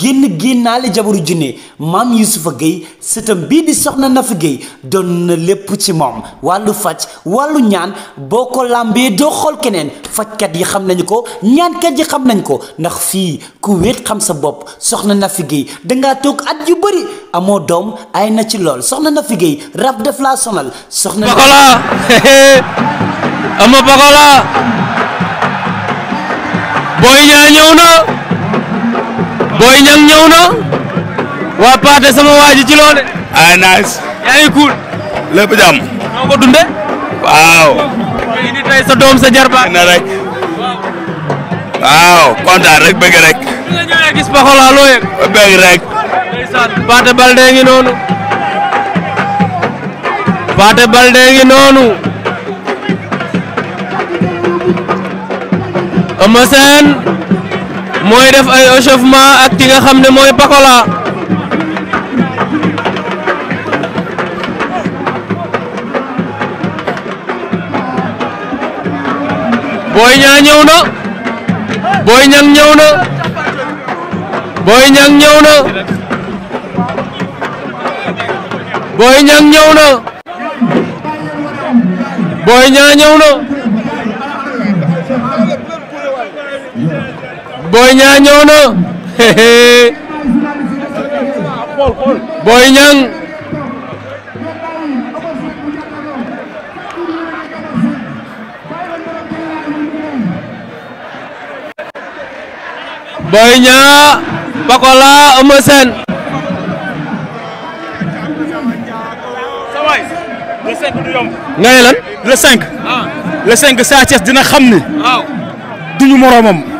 génn génnaale jabaru junne maam Youssoufa Gueye sëtam bii di soxna Nafi Gueye doon na lépp ci moom wàllu faj wàllu ñaan boo ko làmbee doo xool keneen fajkat yi xam nañu ko ñaankat yi xam nañ ko ndax fii ku wéet xam sa bopp soxna Nafi Gueye dangaa toog at yu bëri amoo doom ay na ci lool soxna Nafi Gueye rab def laa sonal soxna Pokola ama Pokola booy ñaa ñëw na Boy Niang ñëw na waa Pathé sama waa ji ci loole. ay nice. yaa ngi cool. lépp jàmm. noo ko dundee. waaw. tey ni tey sa doom sa jarbaat. rek. waaw kontaan rek bëgg rek. bi nga ñëwee ngi noonu. Pathé Baldé ngi noonu. Eumeu mooy def ay échauffement ak ki nga xam ne mooy Pakola Boy Niang ñëw na Boy Niang ñëw na Boy Niang ñëw na Boy Niang ñëw na Boy na Boy Niang ñëw na Boy Niang Boy Niang Pakola Eumeu Sène ngay le 5 le 5 Sa Thiès dina xam ni duñu moroomam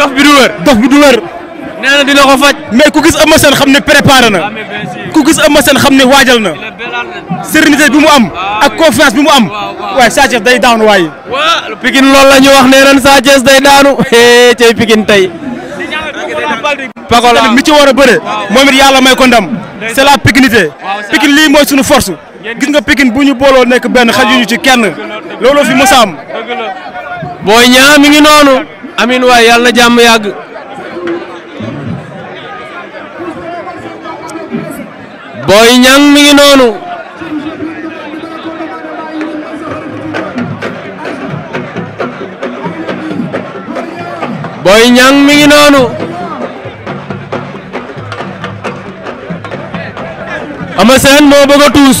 dof bi du wër dof bi du wër. nee na dina ko faj. mais ku gis Eumeu xam ne préparé na ah, ku gis Eumeu Sène xam ne waajal na sérénité bi mu am ah, ak confiance bi mu am waaye Sa Thiès day daanu waaye. waaw Pikine loolu la ñu wax nee ren Sa day daanu cey Pikine tey. Pakola mi ci war a bëre moom it yàlla may ko ndam c'est la pikinité Pikine lii sunu suñu force gis nga Pikine bu ñu booloo nekk benn xajuñu ci kenn looloo fi mos a am. Boy noonu. amin waay yàlla na jàmm yàgg booy Niang mi ngi noonu Boy mi ngi noonu moo bëgg a tuus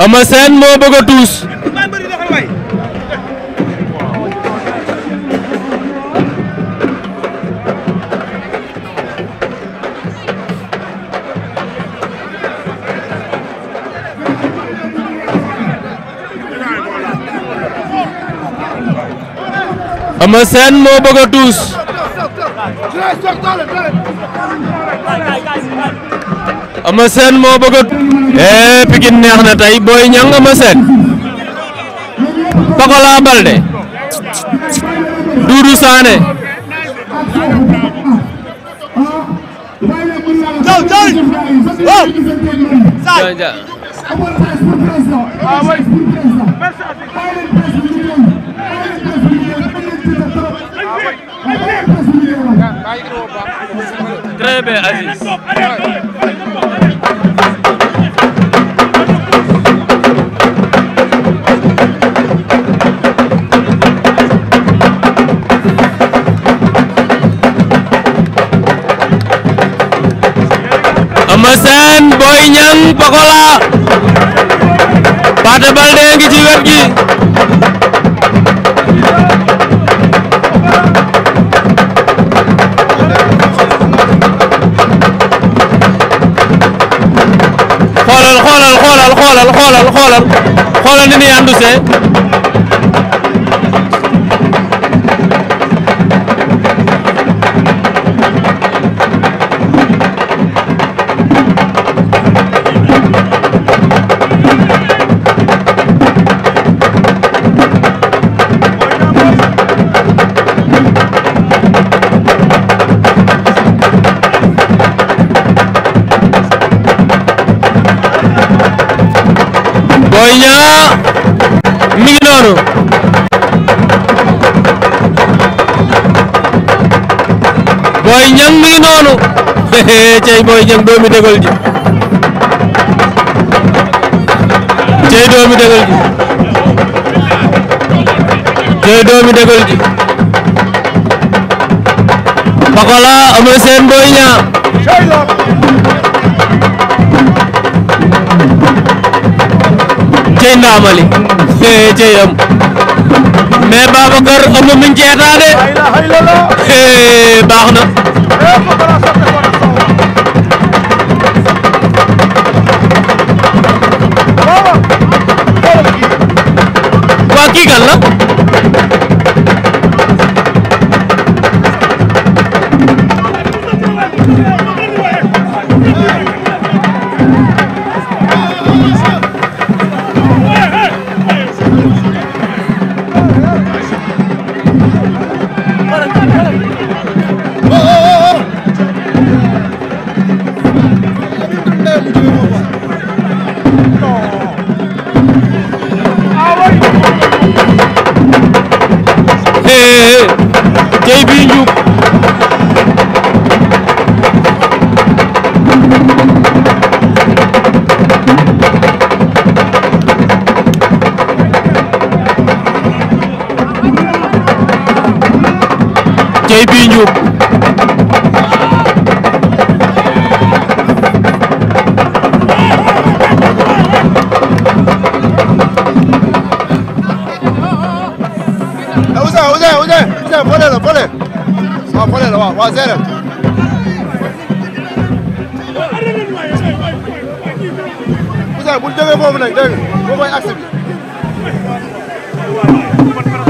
Eumeu Sène moo bëgg a tuus Eumeu Sène moo bëgg a tuus Eumeu Sène moo bëgg a eh Pikine neex na tey Boy Niang Eumeu Sène Pokola Baldé Doudou Sané jaw Eumeu Sène Boy Niang Pokola Pathé Baldé ngi ci wet gi xoolal xoolal xoolal xoolal xoolal xoolal ni ni àndusee Boy Niang mi ngi noonu Boy Niang ngi noonu cey Boy Niang doomi dëgal ji cey doomi dëgal ji cey doomi dëgal ji Pokola Eumeu Sène Boy Niang cey ndaamali ee cey am mais Babacar am na muñ ceetaa de ee baax na waa kii kan tey bii njub tey bii njub la fële waaw fële la waaw waaw seere bu jógee foofu nag dégg nga moom mooy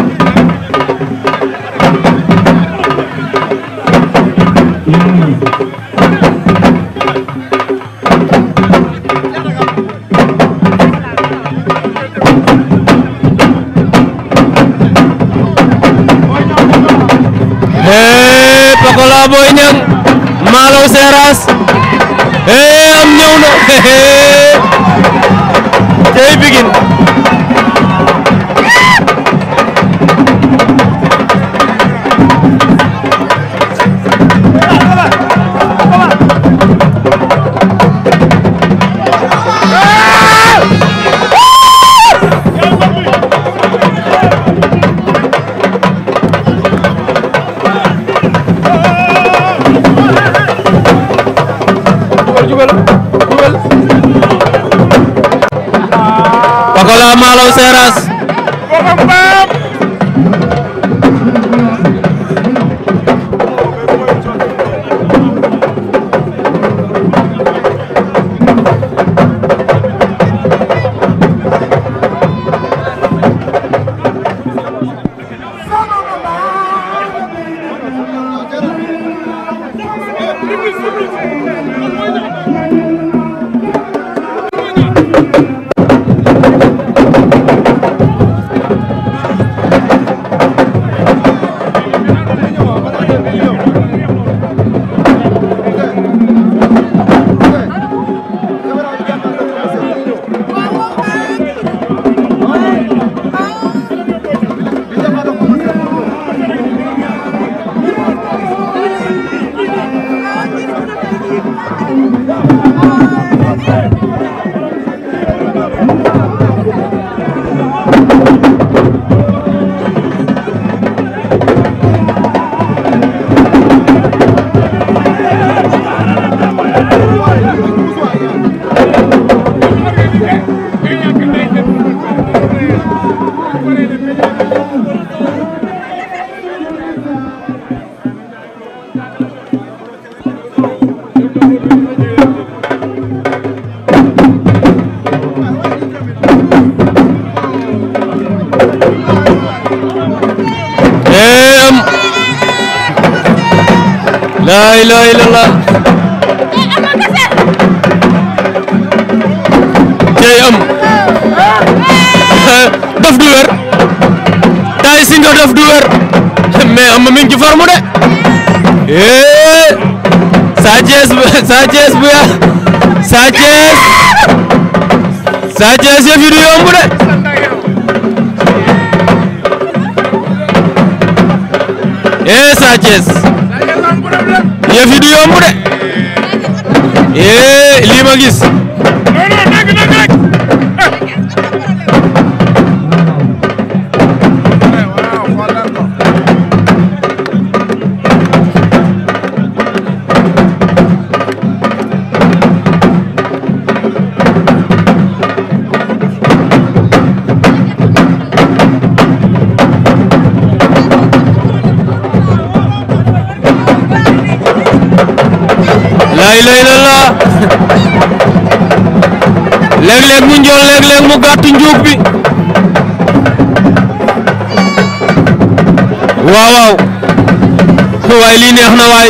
Malaw Seras laa ilaaha illallah cey am daf du wér Tay Singa daf du wér mais am mi ngi ci forme de eh Sa Thiès Sa Thiès bu ya Sa Thiès Sa Thiès yëf yi du yomb de eh Sa Thiès yëf yi du yomb de. eh lii ma gis. ilaha illallah léeg mu njool léeg-léeg mu gàtt njuug bi waaw waaw waaye lii neex na waay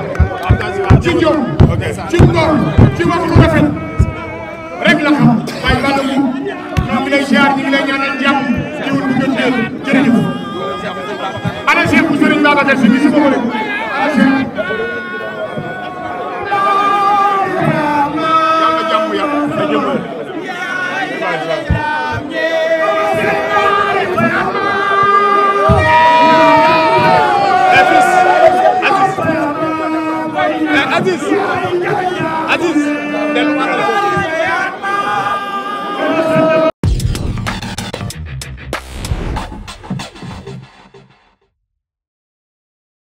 ci ci ngor ci wax lu rek la xam waaye Balla Mbuub ñoo ngi lay ziar ñu ngi lay ñaanal jàmm jiwul bu ngeen teel jërëjëf ana Cheikh bu Serigne Babacar Si si boobu rek ana